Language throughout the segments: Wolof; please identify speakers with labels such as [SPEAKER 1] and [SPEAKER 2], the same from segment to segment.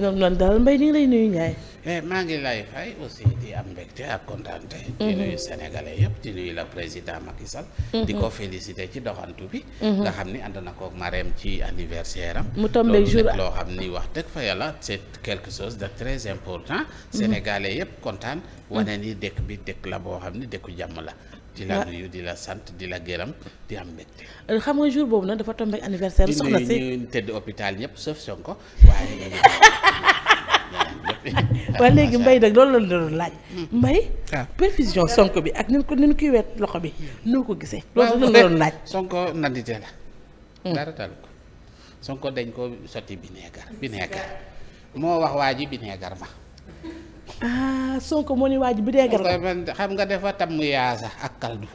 [SPEAKER 1] ñoom noonu daal mbay ñu lay nuyu Ndiaye.
[SPEAKER 2] Eh, maa ngi lay fay aussi di am mbégte ak kontaante. di mhm. nuyu sénégalais yëpp di nuyu la président Macky Sall. Mhm. di ko félicité ci doxantu bi. Mhm. nga xam ni ànd na koog Marème ci anniversaire am. mu tombé jour loo xam ni wax dëgg fa yàlla c'est quelque chose de très important. sénégalais yëpp kontaan. wane ni dëkk bi dëkk la boo xam ni dëkku jàmm la. di la sant di la gërëm di am mbégte.
[SPEAKER 1] Euh, xam nga jour boobu nag dafa tombé anniversaire. soxna si
[SPEAKER 2] ñëpp sauf Sonko waaye.
[SPEAKER 1] waa léegi mbay nag loolu la doon laaj. Hmm. mbay ah. perfusion Sonko bi ak ni ko ni koy wet loxo bi noo ko gisee. loolu la doon laaj
[SPEAKER 2] Sonko nandite la. Hmm. ko Sonko dañ ko sotti vinaigre vinaigre moo wax waa ji vinaigre ma.
[SPEAKER 1] ah Sonko moo ni waaj bi dee
[SPEAKER 2] xam nga defa tamm yaasa ak kaldu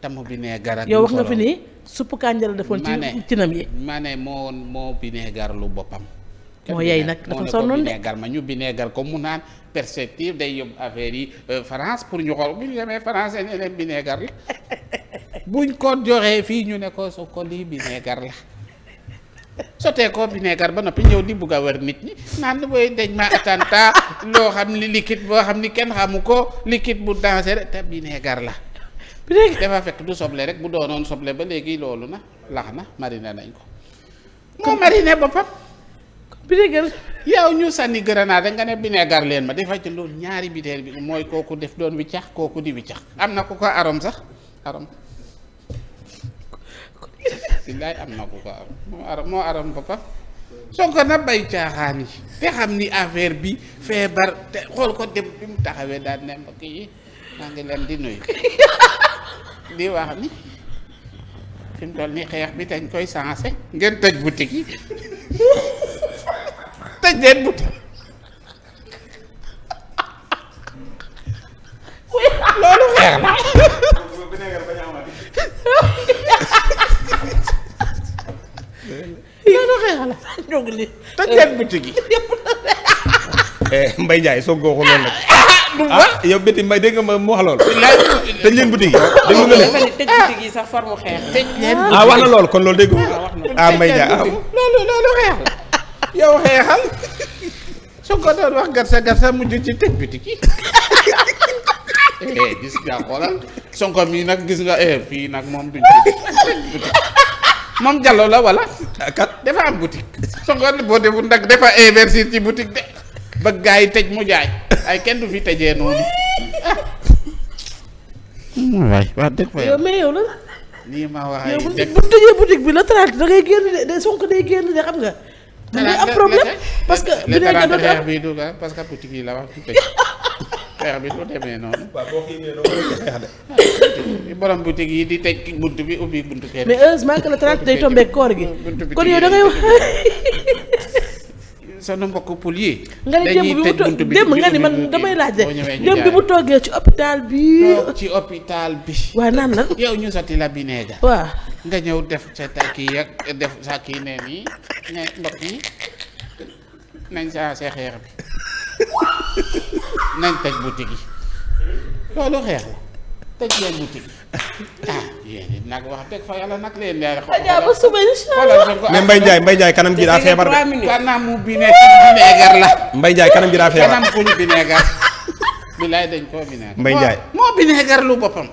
[SPEAKER 2] tamm bi nee gara yow wax nga fi nii
[SPEAKER 1] suppu kànja defoon ci cinam yi
[SPEAKER 2] ma ne moo moo bi nee lu boppam
[SPEAKER 1] moo yey nag dafa sonnoon de
[SPEAKER 2] binéegar ma ñu binéegar ko mu naan perspective day yóbbu affaire yi euh, France pour ñu xool bu ñu demee France ne leen binéegar la buñ ko joxee fii ñu ne ko su ko lii binéegar la sotee ko bineegar ba noppi ñëw di bugg a wër nit ñi naan booy dañ ma attentat loo xam ni liquide boo xam ni kenn xamu ko liquide bu dangereux te bineegar la. bineegar dafa fekk du soble rek bu doonoon soble ba léegi loolu na lax na mariner nañ ko. moo mariner boppam. bineegar yow ñu sànni grenade nga ne bineegar leen ma dafa ci loolu ñaari biteel bi mooy kooku def doon wiccax kooku di wiccax am na ko ko arom sax arom. billaay am na ku ko am moo aroon moo aram boppam Sonko na bay caaxaan yi te xam ni affaire bi feebar te xool ko dem bi mu taxawee daan ne mbokk yi maa ngi leen di nuyu di wax ni fi mu ni xeex bi dañ koy sensé ngeen tëj boutique yi tëj leen
[SPEAKER 1] boutique loolu xeex la jóg li tëjee bitig yi.
[SPEAKER 2] Mbaye Ndiaye soog koo xooloon nag. Ah, ah yow bétti Mbaye dégg nga mu wax loolu. tëj leen boutique yi ah,
[SPEAKER 1] dégg nga leen. tëj boutique yi sax forme xeex. tëj leen ah, ah wax na loolu kon loolu dégg ah Mbaye Ndiaye ah. loolu loolu xeex yow xeexal
[SPEAKER 2] su ko doon wax garsa garsa mujj ci tëj boutique yi. Eh, gis nga xoolal nag gis nga eh, fii nag moom duñ ko moom Diallo la wala. kat dafa am boutique. Sonko boo defu nag defa investir ci boutique de bëgg gaa yi tëj mu jaay ay kenn du fi tëjee noonu. Hmm, waay wax dëgg fa yow
[SPEAKER 1] mais yow la. lii ma wax ay tëjee boutique bi la traite da ngay génn de Sonko day génn de xam nga. da ngay am problème parce que.
[SPEAKER 2] parce que boutique yi la wax ci tëj. xeex bi lu demee noonu. waaw borom boutique yi di teg bunt bi ubbi buntu kenn. mais heureusement que le
[SPEAKER 1] 30 day tombé koor gi. kon yow da ngay wax. mbokk pul yi. nga bi ni man bi mu toogee ci hôpital
[SPEAKER 2] bi. ci hôpital bi. waaw naan la. yow ñu sotti la bineega. waaw nga ñëw def sa kii yag def sa kii nee nii ne mbokk yi nañ saa see xeer bi. nañ tëj boutique yi loolu xeex la leen boutique yi ah yéen it nag wax dëgg fa yàlla nag leen leer xool. xajaa kanam gi daa feebar de. kanamu bineegar la. Mbaye Ndiaye kanam gi daa feebar kanam kuñ dañ koo bineegar. Mbaye Ndiaye moo bineegar lu boppam.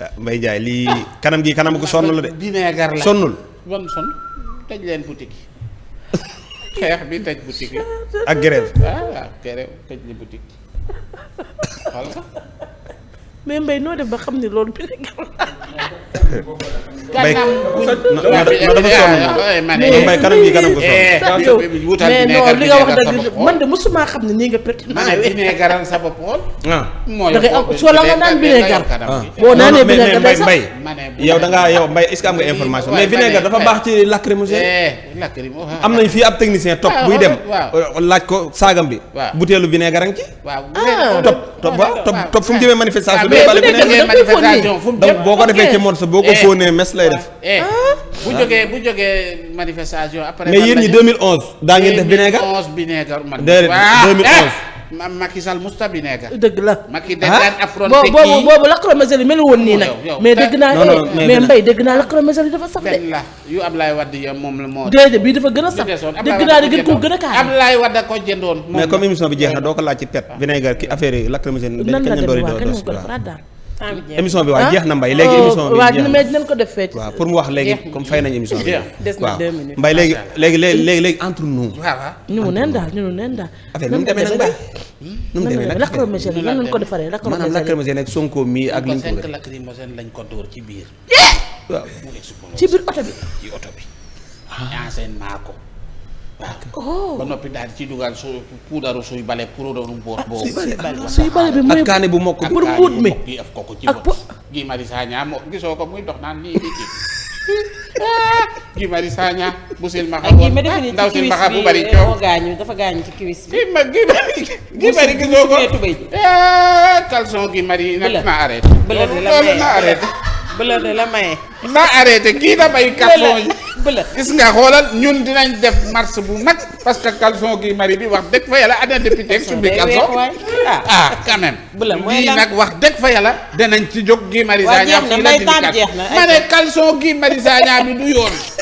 [SPEAKER 2] Ah, Mbaye Ndiaye lii kanam gi kanam gu sonn la de. bineegar la sonnul. bon leen boutique xeex bi tëj boutique yi. ak grève. Ah,
[SPEAKER 1] mais Mbaye noo def ba xam ne loolu bi bay bay kanam gi kanam ko so eh, mais non li nga wax dëgg man de musuma xam ne nii nga peut-être man ay vinaigre sa bopp xool da ngay am soo la nga naan vinaigre ah. boo naanee vinaigre day sax
[SPEAKER 2] yow da nga yow mbay est-ce que am nga information mais vinaigre dafa baax ci lacrymogène eh, ah. am nañ fii ab technicien topp ah, buy dem laaj ko saagam bi butéelu vinaigre rang ci top top top top fu mu jëmee manifestation boo ko defee ci morceau boo ko fóonee mes lay def. Eh, ah. bu jógee bu jógee manifestation après. daa ngeen def bineegar
[SPEAKER 1] ah, eh, la Macky daan ah. affronté kii boobu boobu lacrymogène yi mel nii nag. mais dégg naa eh, mais mbay dégg naa lacrymogène yi dafa sax de. benn la
[SPEAKER 2] yu Ablaye Wade yi moom la moo. déedéet
[SPEAKER 1] bii dafa gën a sax
[SPEAKER 2] dégg naa ne gën koo gën a kaar. Ablaye Wade ko jëndoon. na doo ko laaj ci pet. bineegar ki affaire yi lacrymogène. nan la demee waaw kenn mu
[SPEAKER 1] Ah, ah. oh, émission bi waaw jeex na mbay léegi émission bi waaw ko def fecc waaw pour
[SPEAKER 2] mu wax léegi comme fay nañ émission bi des na mbay léegi léegi léegi léegi entre nous
[SPEAKER 1] ñu mu neen daal ñu mu neen daal affaire nu mu demee nag mbay nu mu demee nag lacrymogène lan lañ ko defaree maanaam lacrymogène
[SPEAKER 2] ak sonko mi ak liñ ko
[SPEAKER 1] lacrymogène lañ ko ci biir oto
[SPEAKER 2] bi ci oto bi ko Oh. ba noppi daal ci dugal su puudaru suy bale puudaru mboot boobu. suy bale bi ak kaane bu mokk pour mbuut mi ak kaane bu af ko ko ci bët. Guy Marius Sagna moo gisoo ko muy dox naan nii nii Guy Marius Sagna bu seen maxa woon ndaw seen maxa bu ci kiwis ma Guy Marius gisoo ko eh, calson Guy Marius nag na arrêté.
[SPEAKER 1] bële de la maye na arrêté. bële na arrêté kii yi.
[SPEAKER 2] bële gis nga xoolal ñun dinañ def marche bu mag parce que caleçon gi Marie bi wax dëgg fa yàlla ana député ak sumbi caleçon ah, ah. ah quand même nag wax dëgg fa yàlla danañ ci jóg Guy Marie Sagna fii la dindi ma
[SPEAKER 1] ne caleçon Guy Marie Sagna bi du yoon